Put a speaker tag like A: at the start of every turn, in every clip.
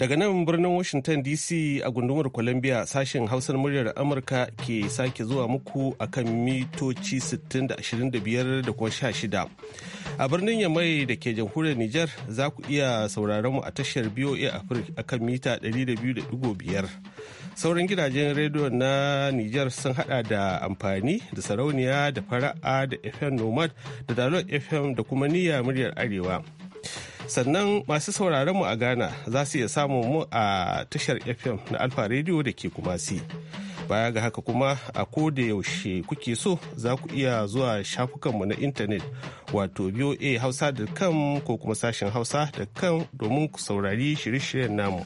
A: Daga nan birnin Washington DC a gundumar Columbia sashen hausar muryar Amurka ke sake zuwa muku a kan mitoci 60 da 25 da kuma 16. A birnin Yamai da ke jamhuriyar Nijar za ku iya sauraron mu a tashar BOA Africa a kan mita 200.5. Sauran gidajen rediyo na Nijar sun hada da amfani da sarauniya da fara'a da FM Nomad da Dalot FM da kuma niyya muryar Arewa. sannan masu sauraron mu a ghana za su iya samun mu a tashar fm na alfa radio da ke kumasi baya ga haka kuma a ko da yaushe kuke so za ku iya zuwa shafukanmu na intanet wato voa hausa.com ko kuma sashen kan domin ku saurari shirye-shiryen namu.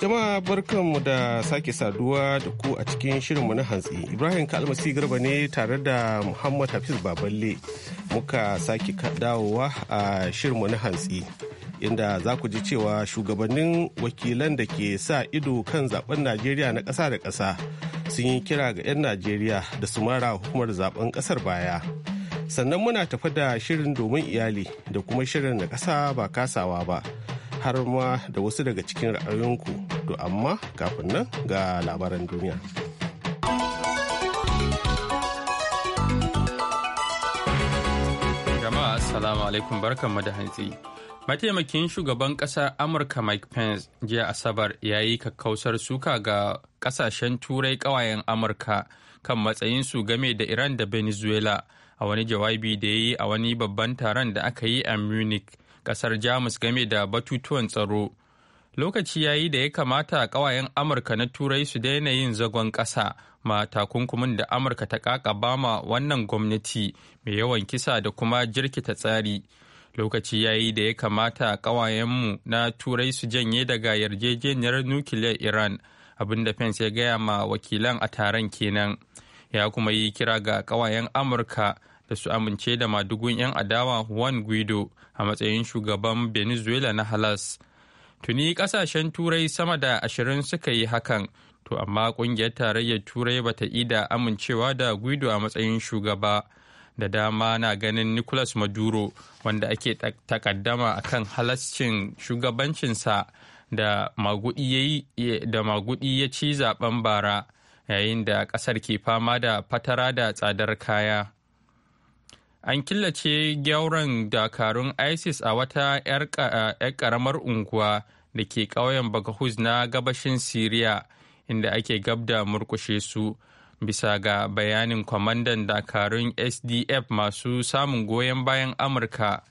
A: Jama'a barkanmu da sake saduwa da ku a cikin shirinmu na hantsi. Ibrahim Kalmasi Garba ne tare da Muhammad Hafiz Baballe muka sake dawowa a shirinmu na hantsi. Inda za ku ji cewa shugabannin wakilan da ke sa ido kan zaben Najeriya na ƙasa da ƙasa sun yi kira ga 'yan Najeriya da su mara hukumar zaben ƙasar baya. sannan muna tafa da shirin domin iyali da kuma shirin na ƙasa ba kasawa ba har ma da wasu daga cikin ra'ayoyinku to amma kafin
B: nan ga labaran duniya. Jama'a Assalamu alaikum mu da hantsi. Mataimakin shugaban ƙasar Amurka Mike Pence jiya Asabar ya yi kakkausar suka ga kasashen turai ƙawayen Amurka kan matsayinsu game da Iran da Venezuela a wani jawabi da ya yi a wani babban taron da aka yi a Munich. kasar jamus game da batutuwan tsaro lokaci yayi da ya kamata kawayen amurka na turai su daina yin zagon kasa ma takunkumin da amurka ta kakaba ma wannan gwamnati mai yawan kisa da kuma jirkita tsari lokaci yayi da ya kamata kawayenmu na turai su janye daga yarjejeniyar nukiliyar iran abinda pence ya gaya ma wakilan a taron kenan ya kuma yi kira ga kawayen amurka da su amince da madugun 'yan adawa juan guido a matsayin shugaban venezuela na halas tuni kasashen turai sama da ashirin suka yi hakan to amma kungiyar tarayyar turai bata da amincewa da guido a matsayin shugaba da dama na ganin nicolas maduro wanda ake takaddama a kan halascin shugabancinsa da magudi ya ci zaben bara yayin da kasar ke fama da fatara da tsadar kaya an killace gyauran dakarun isis a wata 'yar karamar unguwa da ke ƙauyen bagahuz na gabashin siriya inda ake gab da murkushe su bisa ga bayanin kwamandan dakarun sdf masu samun goyon bayan amurka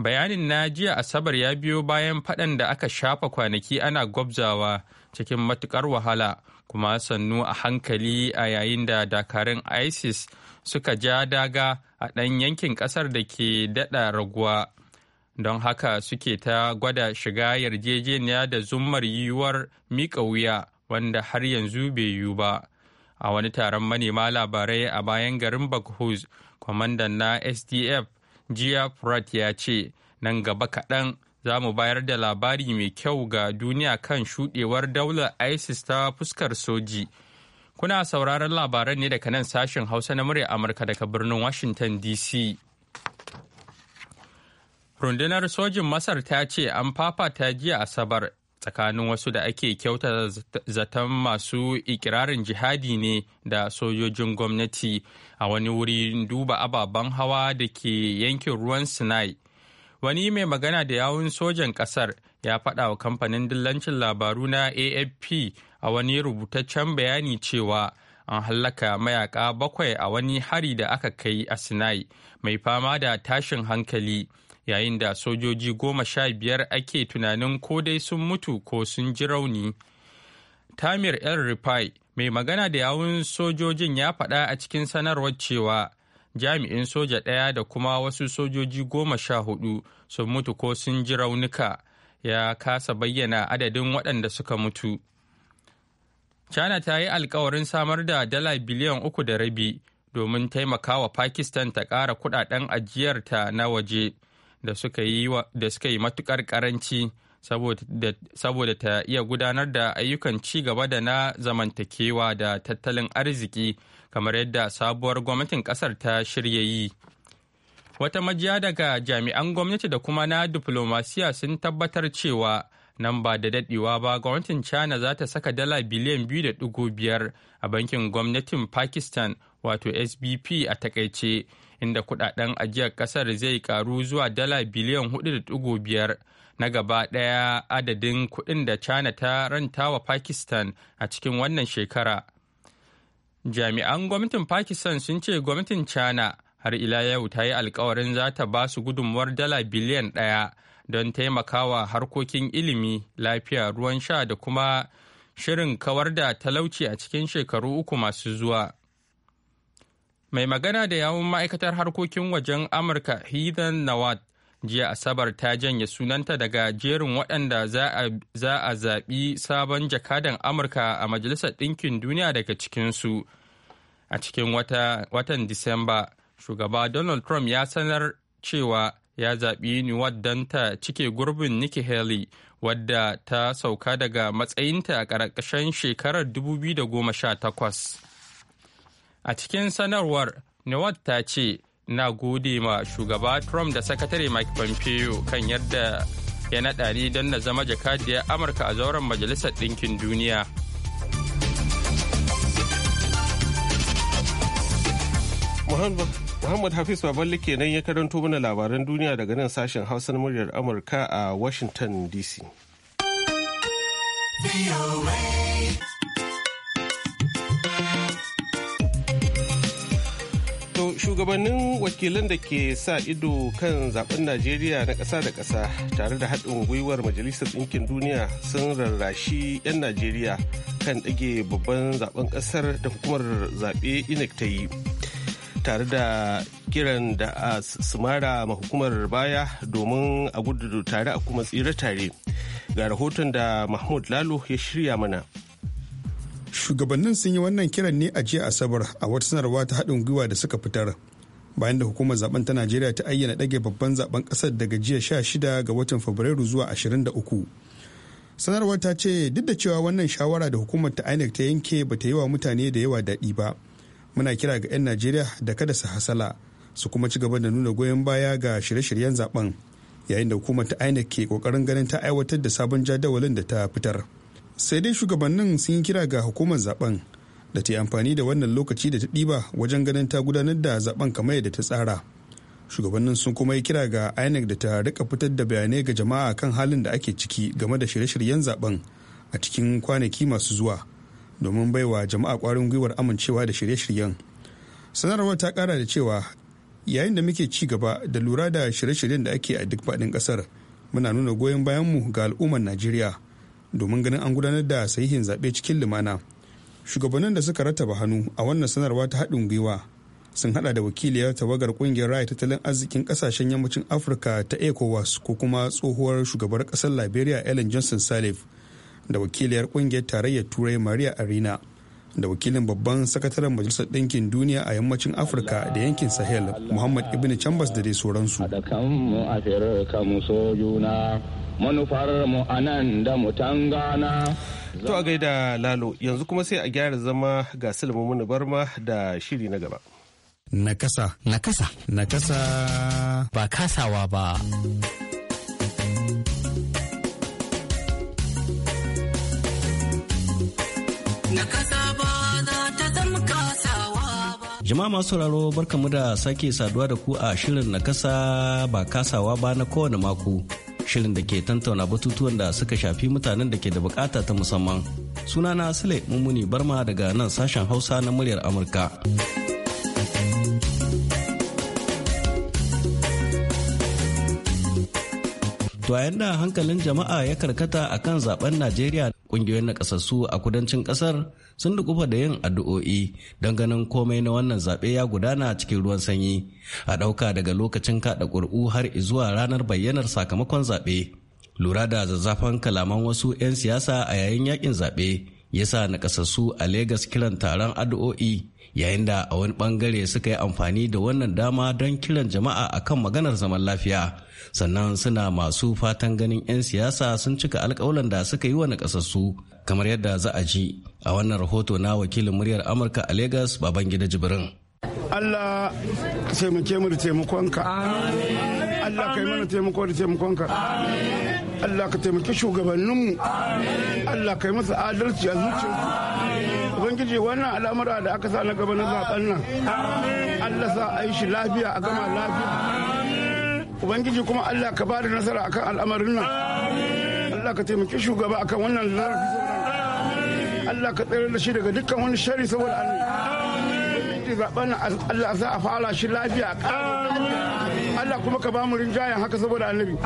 B: bayanin na jiya asabar ya biyo bayan faɗan da aka shafa kwanaki ana gwabzawa cikin matuƙar wahala kuma sannu a hankali a yayin da dakarun isis suka ja daga a ɗan yankin ƙasar da ke daɗa raguwa don haka suke ta gwada shiga yarjejeniya da zummar yiwuwar miƙa wuya wanda har yanzu bai yiwu ba a wani taron manema labarai a bayan garin bakhuz kwamandan na sdf jiya frat ya ce nan gaba kaɗan za mu bayar da labari mai kyau ga duniya kan shuɗewar daular isis ta fuskar soji Kuna sauraron labaran ne daga nan sashen Hausa na murya Amurka daga birnin Washington DC. Rundunar sojin Masar ta ce an fafata jiya Asabar tsakanin wasu da ake kyauta zaton masu ikirarin jihadi ne da sojojin gwamnati a wani wuri duba ababen hawa da ke yankin ruwan Sinai. Wani mai magana da yawun sojan kasar ya faɗa wa kamfanin dillancin labaru na AFP a wani rubutaccen bayani cewa an hallaka mayaka bakwai a wani hari da aka kai a sinai mai fama da tashin hankali yayin da sojoji goma sha biyar ake tunanin ko dai sun mutu ko sun ji rauni tamir el rifai mai magana da yawun sojojin ya faɗa a cikin sanarwar cewa jami'in soja ɗaya da kuma wasu sojoji goma sha hudu sun mutu ko sun ji raunuka ya kasa bayyana adadin waɗanda suka mutu. China ta yi alkawarin samar da dala biliyan uku da rabi domin wa Pakistan ta ƙara kudaden ajiyarta na waje da suka yi matukar karanci saboda ta iya gudanar da ayyukan ci gaba da na zamantakewa da tattalin arziki kamar yadda sabuwar gwamnatin kasar ta shirya yi. Wata majiya daga jami'an gwamnati da kuma na diplomasiya sun tabbatar cewa nan ba da daɗewa ba gwamnatin china za ta saka dala biliyan biyu da biyar a bankin gwamnatin pakistan wato sbp a takaice inda kudaden ajiyar kasar zai karu zuwa dala biliyan hudu da biyar na gaba ɗaya adadin kuɗin da china ta ranta wa pakistan a cikin wannan shekara jami'an gwamnatin pakistan sun ce gwamnatin china har ila yau ta yi alkawarin za ta ba su gudunmuwar dala biliyan ɗaya don taimakawa harkokin ilimi lafiya ruwan sha da kuma shirin kawar da talauci a cikin shekaru uku masu zuwa mai magana da yawun ma'aikatar harkokin wajen amurka heathen nawad jiya asabar ta janye sunanta daga jerin waɗanda za a zaɓi sabon jakadan amurka a majalisar ɗinkin duniya daga cikinsu a cikin watan disamba shugaba donald trump ya sanar cewa ya zaɓi newt don ta cike gurbin nikki haley wadda ta sauka daga matsayinta a ƙarƙashin shekarar 2018 a cikin sanarwar newt ta ce na gode ma shugaba trump da sakatare mike pompeo kan yadda ya naɗa ni don na zama jakadiyar amurka a zauren majalisar ɗinkin duniya
A: Muhammad Muhammad Hafiz Baballe kenan ya karanto mana labaran duniya daga nan sashen Hausa na muryar Amurka a Washington DC. shugabannin wakilan da ke sa ido kan zaben najeriya na ƙasa da ƙasa tare da haɗin gwiwar majalisar ɗinkin duniya sun rarrashi 'yan najeriya kan ɗage babban zaben ƙasar da hukumar zaɓe inec ta yi tare da kiran da a sumara ma hukumar baya domin a gudu tare a kuma tsira tare ga rahoton da mahmud lalo ya shirya mana
C: shugabannin sun yi wannan kiran ne a jiya asabar a wata sanarwa ta haɗin gwiwa da suka fitar bayan da hukumar zaben ta najeriya ta ayyana ɗage babban zaben ƙasar daga jiya sha shida ga watan fabrairu zuwa ashirin da uku. sanarwar ta ce duk da cewa wannan shawara da hukumar ta inec ta yanke ba ta yi wa mutane da yawa daɗi ba muna kira ga 'yan najeriya da kada su hasala su kuma ci gaba da nuna goyon baya ga shirye-shiryen zaben yayin da hukumar ta inec ke kokarin ganin ta aiwatar da sabon jadawalin da ta fitar sai dai shugabannin sun yi kira ga hukumar zaben da ta yi amfani da wannan lokaci da ta ɗiba wajen ganin ta gudanar da zaben kamar yadda ta tsara shugabannin sun kuma yi kira ga inec da ta rika fitar da bayanai ga jama'a kan halin da ake ciki game da shirye-shiryen zaben a cikin kwanaki masu zuwa domin baiwa jama'a kwarin gwiwar amincewa da shirye-shiryen sanarwar ta kara da cewa yayin da muke ci gaba da lura da shirye-shiryen da ake a duk faɗin ƙasar muna nuna goyon bayanmu ga al'ummar najeriya domin ganin an gudanar da sahihin zaɓe cikin lumana shugabannin da suka rattaba hannu a wannan sanarwa ta haɗin gwiwa sun hada da wakiliyar tawagar kungiyar raya tattalin arzikin kasashen yammacin afirka ta ecowas ko kuma tsohuwar shugabar ƙasar liberia ellen johnson salif da wakiliyar kungiyar tarayyar turai maria arena da wakilin babban sakataren majalisar ɗinkin duniya a yammacin afirka da yankin sahel muhammad ibn chambers da dai sauransu
A: to a gaida lalo yanzu kuma sai a gyara zama ga silmamun barma da shiri na gaba
C: nakasa nakasa nakasa ba kasawa ba
D: Jama'a masu sauraro barkamu da sake saduwa da ku a shirin na kasa ba kasawa ba na kowane mako. Shirin da ke tantauna batutuwan da suka shafi mutanen da ke da bukata ta musamman. Sunana Sule Mummuni Barma daga nan sashen Hausa na muryar Amurka. To a yanda hankalin jama'a ya karkata a kan zaben Najeriya kungiyoyin Naƙasassu a kudancin ƙasar sun dukufa da yin addu'o'i don ganin komai na wannan zaɓe ya gudana cikin ruwan sanyi a ɗauka daga lokacin kaɗa ƙuri'u har zuwa ranar bayyanar sakamakon zaɓe. Lura da zazzafan kalaman wasu 'yan siyasa a yayin yakin zaɓe ya sa Naƙasassu a Legas kiran taron addu'o'i yayin da a wani bangare suka yi amfani da wannan dama don kiran jama'a akan maganar zaman lafiya sannan suna masu fatan ganin 'yan siyasa sun cika alkawalan da suka yi wa nakasassu kamar yadda za a ji a wannan rahoto na wakilin muryar amurka a lagos babangida jibrin
E: Allah taimake mu da taimakonka. Allah yi mana taimako da taimakonka. Allah ka taimaki shugabanninmu. Allah ka yi masa adalci a zuciyarsu. ubangiji wannan al'amura da aka sa na gaba na zaben nan allah sa a yi shi lafiya a gama lafiya ubangiji kuma allah ka bada nasara akan al'amarin nan allah ka taimaki shugaba akan wannan zarafi allah ka tsere da shi daga dukkan wani shari saboda allah zaben allah sa a fara shi lafiya a Allah kuma ka bamu mu rinjayen haka saboda annabi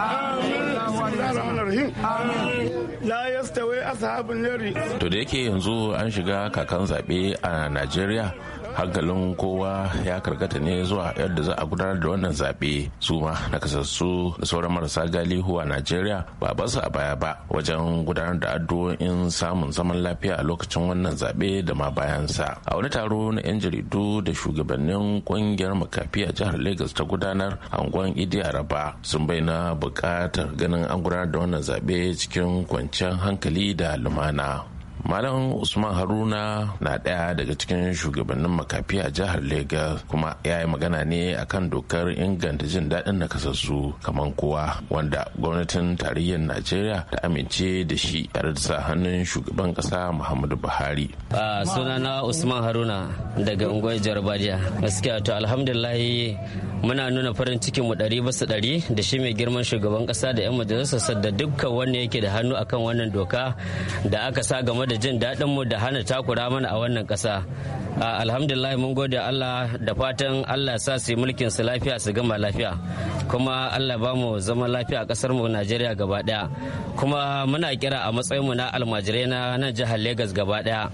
E: la yastawi ashabul nari
F: to da yake yanzu an shiga kakan zabe a Najeriya hankalin kowa ya karkata ne zuwa yadda za a gudanar da wannan zaɓe su ma kasassu da sauran marasa galihu a najeriya ba basu a baya ba wajen gudanar da addu'o'in samun zaman lafiya a lokacin wannan zaɓe da ma bayansa a wani taro na 'yan jaridu da shugabannin ƙungiyar makafi a jihar lagos ta gudanar angon idi araba sun bayyana buƙatar ganin an gudanar da wannan zaɓe cikin kwanciyar hankali da lumana Malam Usman Haruna na ɗaya daga cikin shugabannin makafi a jihar Legas kuma ya yi magana ne akan dokar inganta jin daɗin nakasassu kamar kowa wanda gwamnatin tarayyar Najeriya ta amince da shi tare da sa hannun shugaban ƙasa Muhammadu Buhari.
G: Sunana Usman Haruna daga unguwar Jarbadiya. Gaskiya to alhamdulillahi muna nuna farin cikin mu ɗari basu ɗari da shi mai girman shugaban ƙasa da 'yan majalisar da dukkan wanda yake da hannu akan wannan doka da aka sa game game da jin daɗin mu da hana takura mana a wannan ƙasa alhamdulillah mun gode Allah da fatan Allah sa su yi mulkin su lafiya su gama lafiya kuma Allah ba mu zama lafiya a ƙasar mu Najeriya gaba ɗaya kuma muna kira a matsayin mu na almajirai na nan jihar Legas gaba ɗaya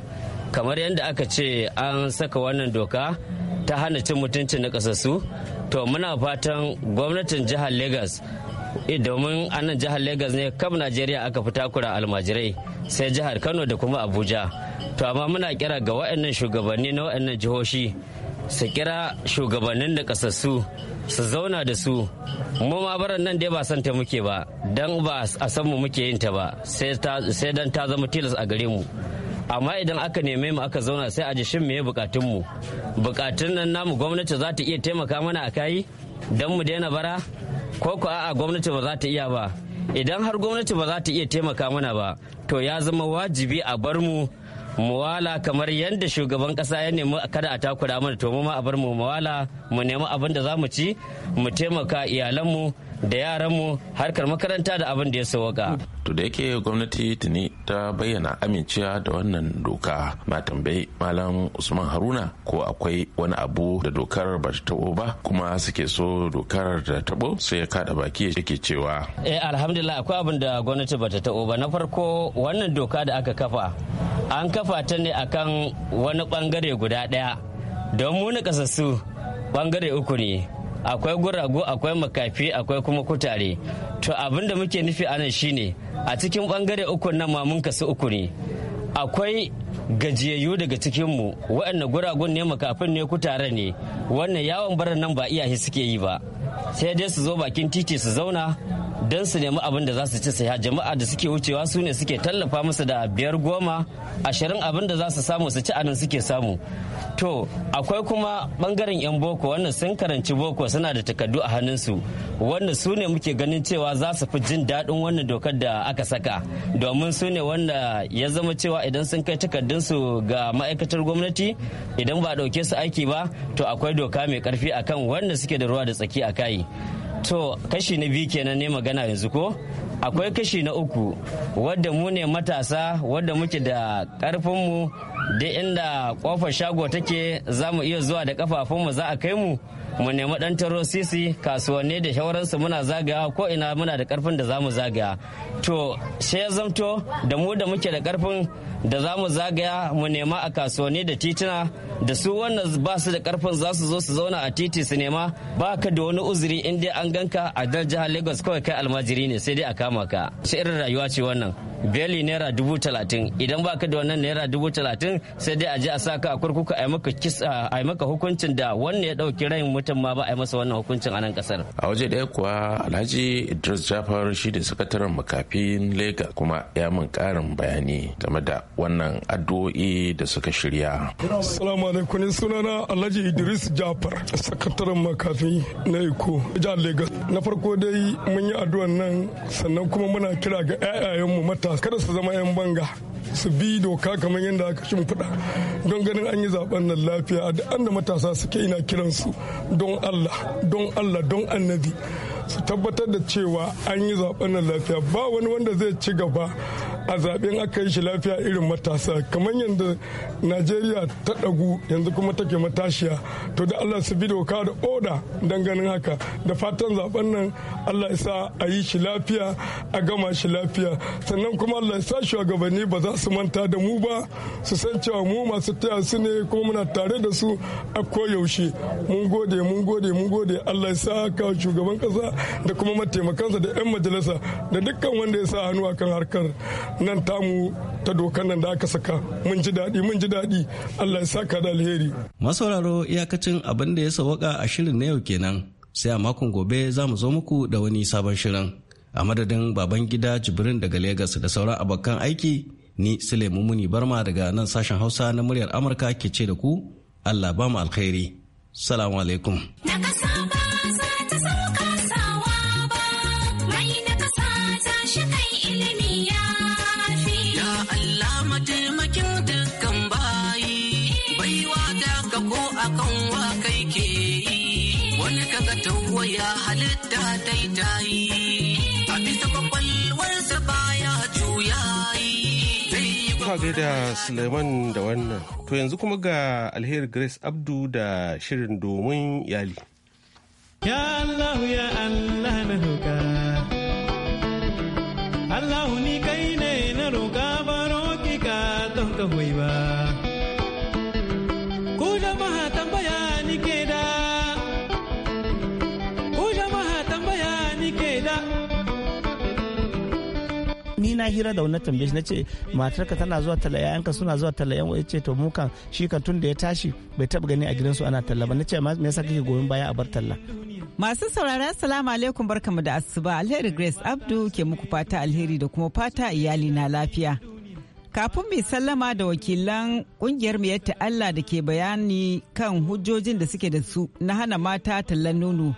G: kamar yadda aka ce an saka wannan doka ta hana cin mutuncin na ƙasasu, to muna fatan gwamnatin jihar Legas Eh, domin a nan jihar Legas ne kam Najeriya aka fi takura almajirai sai jihar Kano da kuma Abuja. To amma muna kira ga wa'annan shugabanni na wa'annan jihohi su kira shugabannin da kasassu su zauna da su mu ma baran nan dai ba san ta muke ba dan ba a san mu muke yin ta ba sai dan ta zama tilas a gare mu amma idan aka neme mu aka zauna sai a ji shin meye bukatun mu bukatun nan namu gwamnati za ta iya taimaka mana a kayi dan mu daina bara ko ko a'a gwamnati ba za ta iya ba idan har gwamnati ba za ta iya taimaka mana ba to ya zama wajibi a bar mu muwala kamar yadda shugaban kasa ya nemi kada a takura mana to mu ma a bar mu muwala mu nemi abin da za mu ci mu taimaka iyalanmu da yaranmu harkar makaranta da abin da ya sauka.
F: To da yake gwamnati tuni ta bayyana amincewa da wannan doka ma tambayi malam Usman Haruna ko akwai wani abu da dokar ba ta tabo ba kuma suke so dokar da tabo sai ya kada baki yake cewa.
G: Eh alhamdulillah akwai abin da gwamnati ba ta tabo ba na farko wannan doka da aka kafa an kafa ta ne akan wani bangare guda daya don mu na kasassu bangare uku ne akwai guragu akwai makafi akwai kuma kutare to abin da muke nufi a nan shine a cikin bangare uku nan ma mun kasu uku ne akwai gajiyayyu daga cikinmu waɗanda guragun ne makafin ne kutare ne wannan yawon baran nan ba iyaye suke yi ba sai dai su zo bakin titi su zauna don su nemi abin da za su ci saya jama'a da suke wucewa su ne suke tallafa musu da biyar goma ashirin abin da za su samu su ci anan suke samu to akwai kuma bangaren 'yan boko wannan sun karanci boko suna da takardu a hannunsu Wannan su ne muke ganin cewa za su fi jin daɗin wannan dokar da aka saka domin su ne wanda ya zama cewa idan sun kai takardunsu ga ma'aikatar gwamnati idan ba ɗauke su aiki ba to akwai doka mai karfi akan wanda suke da ruwa da tsaki a kai to kashi na biyu kenan ne magana yanzu ko akwai kashi na uku wadda mu ne matasa wadda muke da ƙarfinmu duk inda kofar shago take za mu iya zuwa da kafafunmu za a kai mu mu nemi dan taro sisi kasuwanni da shawararsu muna zagaya ko ina muna da karfin da zamu zagaya to sai ya zamto da mu da muke da karfin da zamu zagaya mu nema a kasuwanni da tituna da su wannan ba su da karfin za su zo su zauna a titi su nema ba ka da wani uzuri in dai an ganka a dal jihar lagos kawai kai almajiri ne sai dai a kama ka shi irin rayuwa ce wannan beli naira dubu talatin idan baka da wannan naira dubu talatin sai dai a je a saka a kurkuku a yi maka hukuncin da wannan ya ɗauki rayin mutum. fatan ma ba a yi masa wannan hukuncin a nan kasar
F: a waje ɗaya kuwa alhaji idris jafar shi da sakataren makafin lega kuma ya min ƙarin bayani game da wannan addu'o'i da suka shirya
E: assalamu alaikum sunana alhaji idris jafar sakataren makafi na iko jihar legas. na farko dai mun yi addu'an nan sannan kuma muna kira ga mu matasa kada su zama 'yan banga su bi doka kamar yadda aka shimfiɗa don ganin an yi zaben nan lafiya a duk da matasa suke ina kiransu don allah don allah don annabi su tabbatar da cewa an yi zaben nan lafiya ba wani wanda zai ci gaba a zaɓen aka yi shi lafiya irin matasa kamar yadda najeriya ta ɗagu yanzu kuma take matashiya to da allah su bido ka da oda ganin haka da fatan zaben nan allah isa a yi shi lafiya a gama shi lafiya sannan kuma allah isa shugabanni ba za su manta da mu ba su san cewa mu masu taya su ne kuma muna tare da su a koyaushe mun gode mun gode mun gode allah isa ka shugaban kasa da kuma mataimakansa da 'yan majalisa da dukkan wanda ya sa hannu akan harkar nan tamu ta dokar nan da aka saka mun ji daɗi mun ji daɗi Allah ya saka da alheri.
D: Masauraro iyakacin abin da ya sawaka a shirin na yau kenan sai a makon gobe za mu zo muku da wani sabon shirin. A madadin baban gida Jibrin daga Legas da sauran abokan aiki ni Sule Mumuni Barma daga nan sashen Hausa na muryar Amurka ke ce da ku Allah ba mu alkhairi. Salamu alaikum.
A: gai da Suleiman da wannan. To yanzu kuma ga alheri Grace Abdu da shirin domin iyali.
H: Ya Allah ya Allah na roƙa.
D: Allah ni kai ne
I: hira da wani tambaye shi na ce matarka tana zuwa talla yayanka suna zuwa talla yan ya ce to mu kan shi kan tun da ya tashi bai taba gani a gidan su ana talla ba na ce me yasa kake goyon baya a bar talla
J: Masu saurara salamu alaikum barkamu da asuba alheri Grace Abdu ke muku fata alheri da kuma fata iyali na lafiya. Kafin mai sallama da wakilan kungiyar mai Allah da ke bayani kan hujjojin da suke da su na hana mata tallan nono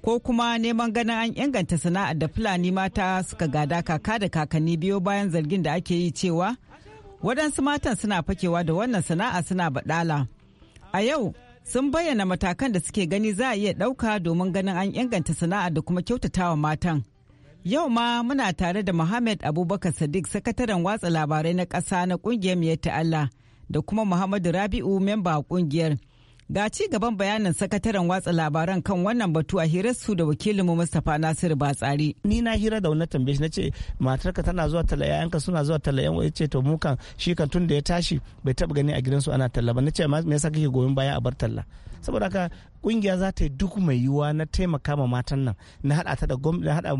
J: ko kuma neman ganin an inganta sana'ar da fulani mata suka gada kaka da kakanni biyo bayan zargin da ake yi cewa waɗansu matan suna fakewa da wannan sana'a suna baɗala a yau sun bayyana matakan da suke gani za a iya ɗauka domin ganin an inganta sana'a da kuma kyautatawa matan yau ma muna tare da muhammad abubakar sadiq sakataren watsa labarai na ƙasa na ƙungiyar miyar Allah da kuma muhammadu rabi'u memba ƙungiyar Ga ci gaban bayanin sakataren watsa labaran kan wannan batu a hirar su da mu Mustapha Nasiru Batsari. Ni na hira da wannan tambaye shi
I: nace matarka tana zuwa talla yayanka suna zuwa talla yan yace to mu kan shi kan tun da ya tashi bai taba gani a gidansu ana talla ba nace me yasa kake goyon baya a bar talla. saboda haka kungiya za ta yi duk mai yiwuwa na taimaka ma matan nan na hada ta da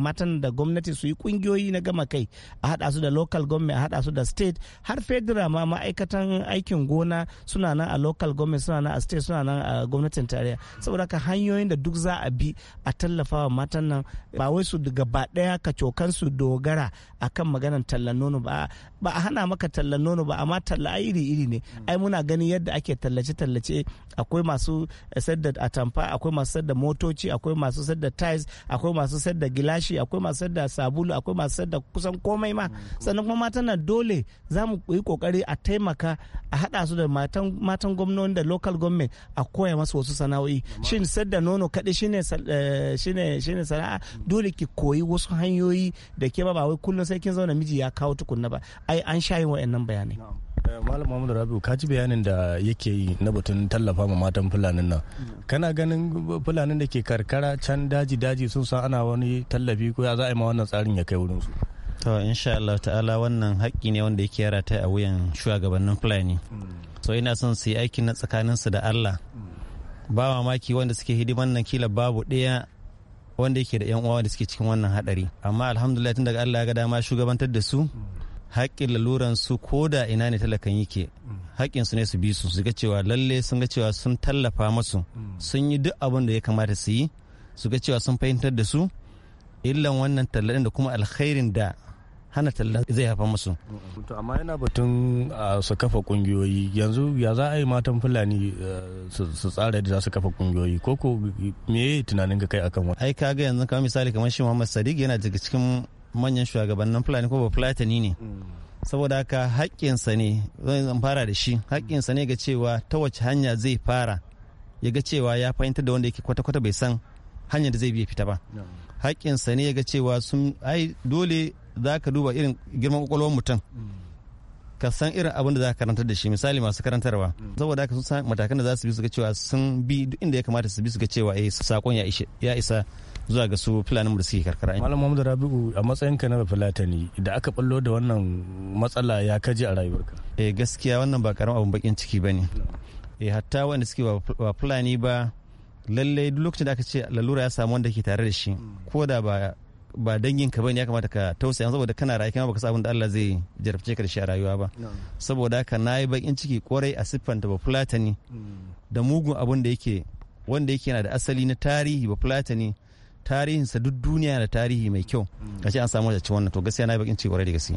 I: matan da gwamnati su yi kungiyoyi na gama kai a hada su da local government a hada su da state har federal ma ma'aikatan aikin gona suna nan a local government suna nan a state suna nan a gwamnatin tarayya saboda haka hanyoyin da duk za a bi a tallafa wa matan nan ba wai su gaba daya ka cokan su dogara akan maganar tallan nono ba ba a hana maka tallan nono ba amma talla iri iri ne mm. ai muna ganin yadda ake tallace tallace akwai masu eh, sadda atamfa akwai masu sadda motoci akwai masu sadda tiles akwai masu sadda gilashi akwai masu sadda sabulu akwai masu sadda kusan komai ma mm. sannan kuma matan nan dole za mu yi kokari a taimaka a hada su da matan matan gwamnoni da local government a koya masu wasu sana'o'i shin sadda nono kaɗai shine eh, shine shine sana'a dole ki koyi wasu hanyoyi da ke ba wai kullum sai kin zauna miji ya kawo tukunna ba ai an sha yin wa'annan bayanai
K: eh, malam muhammadu rabiu ka ci bayanin da yake yi na batun tallafa ma matan fulanin nan mm. kana ganin fulanin da ke karkara can daji daji sun san ana wani tallafi ko ya za a yi ma wannan tsarin ya kai wurin su
H: to insha Allah ta'ala wannan haƙƙi ne wanda yake yara ta a wuyan shugabannin fulani mm. so ina son su yi aikin na tsakanin su da Allah mm. ba mamaki wanda suke hidiman nan kila babu ɗaya wanda yake da yan uwa da suke cikin wannan hadari amma alhamdulillah tun daga Allah ya ga dama shugabantar da su haƙƙin laluran su ko da ina ne talakan yake haƙƙin su ne su bi su su ga cewa lalle sun ga cewa sun tallafa masu sun yi duk abin da ya kamata su yi su ga cewa sun fahimtar da su illan wannan tallan da kuma alkhairin da hana tallan zai haifar musu.
K: To amma yana batun su kafa kungiyoyi yanzu ya za a yi matan fulani eh, su tsara yadda za su kafa kungiyoyi ko ko
H: me tunanin ka kai akan wani. Ai kaga yanzu kamar misali kamar shi Muhammad Sadiq yana daga cikin manyan shugabannin fulani ko ba fulatani ne saboda haka haƙƙinsa ne zan fara da shi haƙƙinsa ne ga cewa ta wace hanya zai fara ya ga cewa ya fahimtar da wanda yake kwata-kwata bai san hanyar da zai biya fita ba haƙƙinsa ne ya ga cewa sun ai dole za ka duba irin girman kwakwalwar mutum ka san irin abin da za ka karantar da shi misali masu karantarwa mm. saboda haka sun san matakan da za su bi su ga cewa sun bi duk inda ya kamata su bi su ga cewa eh sakon ya isa zuwa ga su fulani da suke karkara malam
K: muhammadu rabi'u a matsayinka na
H: fulatani da aka ballo da wannan matsala ya kaji a rayuwarka eh gaskiya wannan ba karamin abun bakin ciki bane eh hatta wanda suke ba fulani ba lallai duk lokacin da aka ce lalura ya samu wanda ke tare da shi ko da ba ba dangin ka bane ya kamata ka tausaya saboda kana rayuwa kuma baka san abin da Allah zai jarabce ka da shi a rayuwa ba saboda haka nayi bakin ciki kwarai a siffanta ba fulatani hmm. da mugun abun da yake wanda yake yana da asali na tarihi ba fulatani tarihinsa duk duniya da tarihi mai kyau mm. a ce an samu wacce wannan to gaskiya na bakin ci kwarai da gaske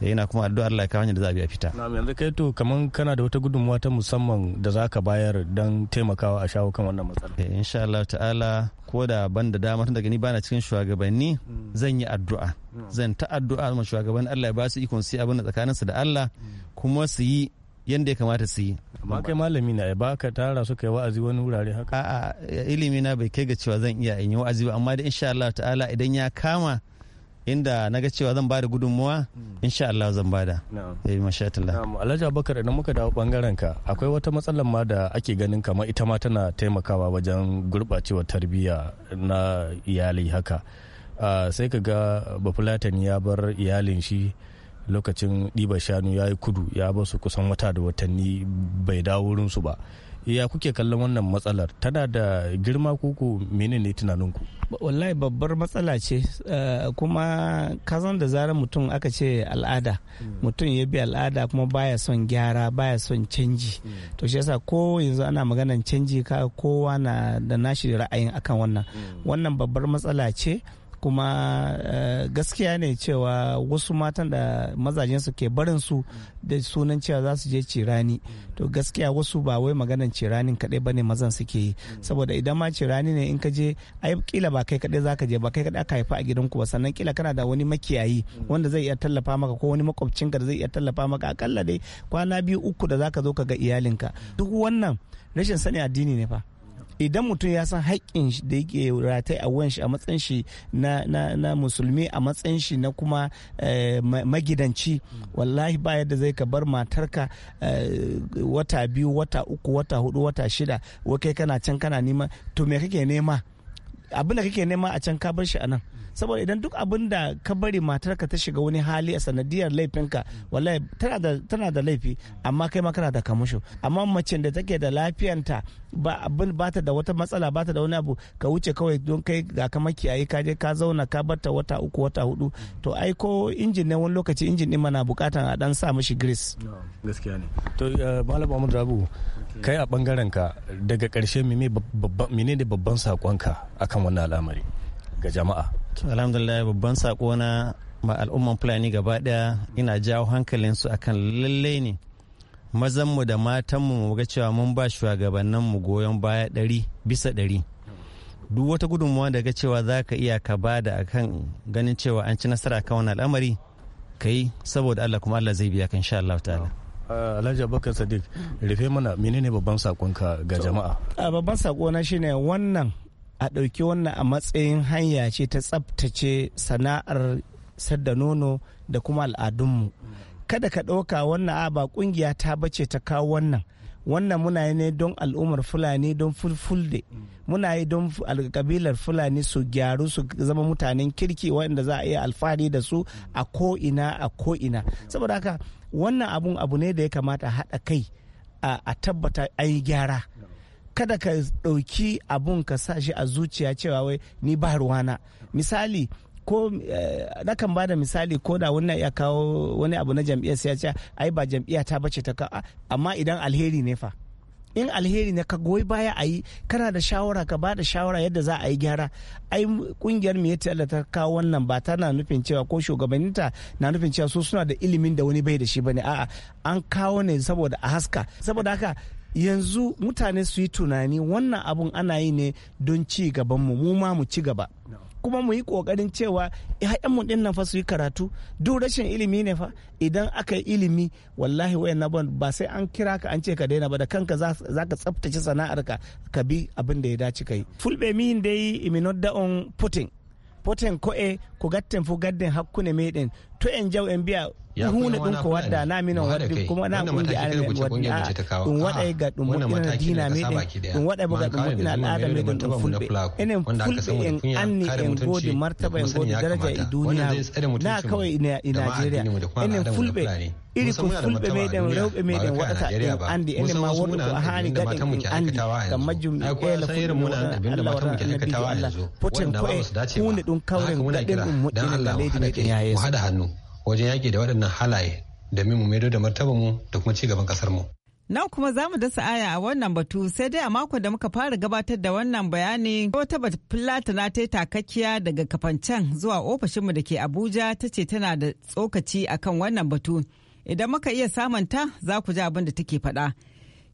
H: yana eh, kuma addu'a Allah ya kawo da za a biya fita na yanzu kai to kaman kana
K: da wata gudunmuwa ta musamman da za ka bayar don taimakawa a shawo kan wannan matsala eh, insha Allah
H: ta'ala ko da ban da dama tun daga ni bana cikin shugabanni mm. zan yi addu'a zan ta addu'a ma shugaban Allah ya ba su ikon su yi abin da tsakaninsu da Allah mm. kuma su yi yadda ya kamata su yi. Amma kai malami na ba ka tara su kai wa'azi wani wurare haka? A'a ilimi na bai kai ga cewa zan iya in yi wa'azi ba amma da insha Allah ta'ala idan ya kama inda na ga cewa zan bada gudunmuwa hmm. insha Allah zan bada. Eh masha Allah. Alhaji Abubakar idan muka dawo
K: bangaren ka akwai wata matsalar ma da ake ganin kamar ita ma tana taimakawa wajen gurɓacewa tarbiyya na iyali haka. Ah, sai ka ga bafulatani ya bar iyalin shi lokacin ɗiba shanu ya yi kudu ya ba su kusan wata da watanni bai dawo su ba ya kuke kallon wannan matsalar tana da girma koko menene tunaninku
I: wallahi babbar matsala ce eh, kuma kazan da zarar mutum aka ce al'ada hmm. mutum ya bi al'ada kuma baya son gyara baya son canji hmm. to shi yasa ko yanzu ana maganan canji ka kowa na da nashi ra'ayin akan wannan hmm. wannan babbar matsala ce kuma eh, gaskiya ne cewa wasu matan da mazajen su ke barin su da sunan cewa za su je cirani to gaskiya wasu ba wai maganan ciranin kadai bane mazan suke yi saboda idan ma cirani ne in ka je ai kila ba kai kadai zaka je ba kai kadai aka haifa a ku ba sannan kila kana da wani makiyayi wanda zai iya tallafa maka ko wani makwabcinka da zai iya tallafa maka akalla dai kwana biyu uku da zaka zo ka ga iyalinka duk wannan rashin sani addini ne fa idan mutum ya san haƙƙin da yake ratai a wanshi a matsayin shi na musulmi a matsayin shi na kuma eh, magidanci wallahi ba yadda zai ka bar matarka eh, wata biyu wata uku wata hudu wata shida wakai kana can kana nema to me kake nema abin da kake nema a can ka bar shi a nan saboda idan duk abin da ka bari matarka ta shiga wani hali a sanadiyar laifinka wallahi tana da laifi amma kai ma kana da kamusho amma mace da take da lafiyanta ba abin ba ta da wata matsala ba ta da wani abu ka wuce kawai don kai ga ka makiyayi ka je ka zauna ka bar ta wata uku wata hudu to ai ko injin ne wani lokaci injin din mana bukatan a dan sa mishi grease
K: gaskiya ne to eh, malam Ahmad Rabu kai a bangaren ka daga karshe ne babban sakonka akan wannan al'amari ga jama'a
H: alhamdulillah babban sako na ma al'umman fulani gaba daya ina jawo su akan lalle ne Mazan mu da matan mu ga cewa mun ba shugabannin mu goyon baya ɗari bisa ɗari duk wata gudunmuwa daga cewa za ka iya ka ba da akan ganin cewa an ci nasara kan wani al'amari ka yi saboda allah kuma allah zai biya kan sha allah ta'ala
K: ah, alhaji abubakar sadiq rufe mana menene babban sakonka ga jama'a
I: ah, babban sakona shine wannan a ɗauki wannan a matsayin hanya ce ta tsabtace sana'ar sadda nono da kuma al'adunmu kada ka ɗauka wannan a ba ƙungiya ta bace ta kawo wannan wannan muna yi ne don al'ummar fulani don fulfulde muna yi don kabilar fulani su gyaru su zama mutanen kirki waɗanda za a iya alfahari da su a ko'ina a ko'ina saboda haka wannan abun abu ne da ya kamata haɗa kai a tabbata a yi gyara kada ka ɗauki abun ka sa shi a zuciya cewa wai ni ba ruwana misali ko eh, nakan ba da misali ko da wannan ya kawo wani abu na jam'iyyar sai ya ai ba jam'iyya ta bace ta ka amma idan alheri ne fa in alheri ne ka goyi baya a yi kana da shawara ka ba da shawara yadda za a yi gyara ai kungiyar mu Allah ta kawo wannan ba tana nufin cewa ko shugabanninta na nufin cewa su suna da ilimin da wani bai da shi bane a'a an kawo ne saboda a haska saboda haka yanzu mutane su yi tunani wannan abun ana yi ne don ci gaban mu mu ma mu ci gaba kuma mu yi kokarin cewa mu ɗin nan fa su yi karatu duk rashin ilimi ne fa idan aka yi ilimi wallahi wayan na ba sai an kira ka an ce ka daina ba da kanka za ka tsaftace sana'ar ka ka bi abin da ya dace ka yi fulbe min dai da on putin ko ko'e ku gattin fu gadden mai meɗen to en jau en biya. ihuna ɗin ko wadda na mina wadda kuma na kungiya ne wadda in wadai ah, ga ɗin mutum dina me ɗin in wadda buga ɗin mutum al'ada me ɗin fulɓe inin fulɓe in anni in godi martaba in godi daraja i duniya na kawai ina Najeriya inin fulbe iri ko fulbe me fulɓe rewbe me meɗen waɗata en andi enen ma wonɗo ko haani gaɗen en andi gam majjum ɗi ɓeela fulɓe allah poten koye hunde ɗum kawren gaɗen ɗum moƴƴina leydi meɗen ya yeeso
K: wajen yaƙi da waɗannan halaye domin mu maido da mu da kuma ci gaban ƙasarmu.
J: Nan kuma za mu dasa aya a wannan batu sai dai a makon da muka fara gabatar da wannan bayani wata fulatana ta yi takakkiya daga kafancan zuwa ofishinmu da ke Abuja ta ce tana da tsokaci akan wannan batu. Idan muka iya samanta za ku ji abin da take faɗa.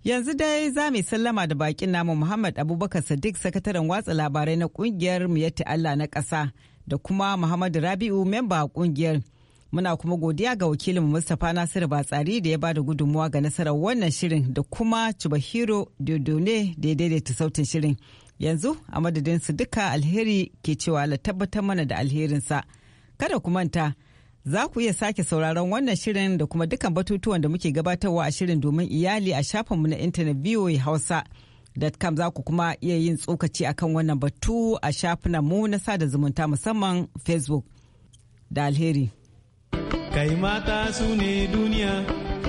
J: Yanzu dai za mu sallama da bakin namu Muhammad Abubakar Sadiq sakataren watsa labarai na kungiyar Miyatti Allah na ƙasa da kuma Muhammad Rabi'u memba kungiyar. Muna kuma godiya ga wakilin Mustapha Nasiru Batsari da ya ba da gudunmuwa ga nasarar wannan shirin da kuma Chubahiro Dodone da ya daidaita sautin shirin. Yanzu a madadin su duka alheri ke cewa la tabbatar mana da alherinsa. Kada ku manta, za ku iya sake sauraron wannan shirin da kuma dukkan batutuwan da muke gabatarwa a shirin domin iyali a shafinmu na intanet voa hausa. com za ku kuma iya yin tsokaci akan wannan batu a shafinan mu na sada zumunta musamman facebook da alheri. kai mata su ne duniya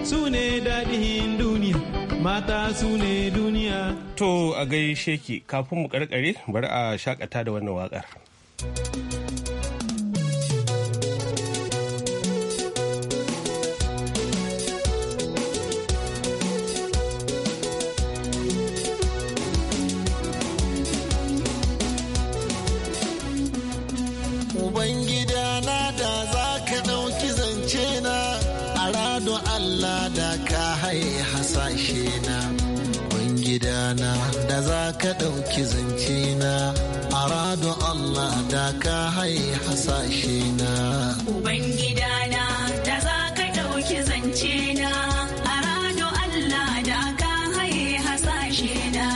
J: su ne daɗin duniya
A: mata su ne duniya to a gaishe ki kafin mu karkare bari a shakata da wannan waƙar.
L: ka ɗauki zance na a rado Allah da ka hai hasashe na.
C: Ubangida na da za ka ɗauki zance na a rado Allah da ka hai hasashe na.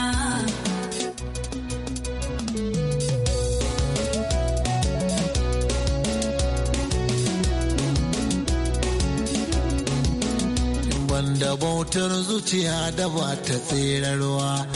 L: Banda bautar zuciya da ba ta tserarwa.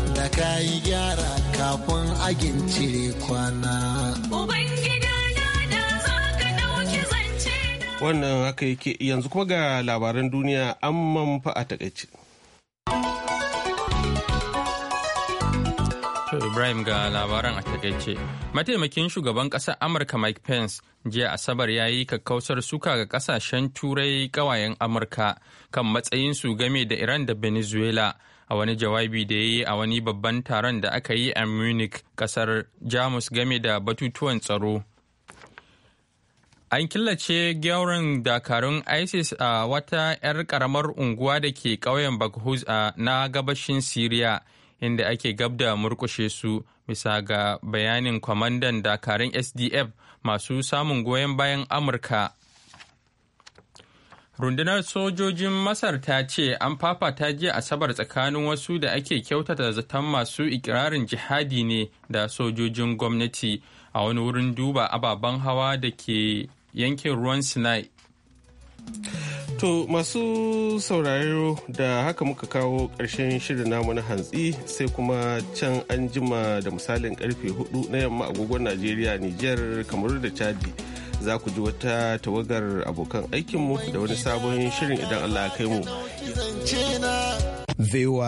L: da ka yi gyara kafin agin cire kwana. Wannan
A: haka yake yanzu kuma ga labaran duniya an manfa a takaice.
B: Ibrahim ga labaran a takaice. Mataimakin shugaban ƙasar Amurka Mike Pence jiya Asabar ya yi kakkausar suka ga ƙasashen turai ƙawayen Amurka kan matsayinsu game da Iran da Venezuela a wani jawabi da ya yi a wani babban taron da aka yi a munich kasar jamus game da batutuwan tsaro an killace gyauran dakarun isis a wata 'yar karamar unguwa da ke ƙauyen baghuz na gabashin syria inda ake gab da murkushe su bisa ga bayanin kwamandan dakarun sdf masu samun goyon bayan amurka rundunar sojojin masar ta ce an fafata jiya asabar tsakanin wasu da ake kyautata zaton masu ikirarin jihadi ne da sojojin gwamnati a wani wurin duba ababen hawa da ke yankin ruwan sinai
A: To masu sauraro da haka muka kawo ƙarshen shirin namu na hantsi sai kuma can an jima da misalin karfe hudu na yamma agogon Najeriya, Nijar, Kamaru da Chadi. za ku ji wata tawagar abokan aikinmu da wani sabon shirin idan Allah ya kai
C: mu.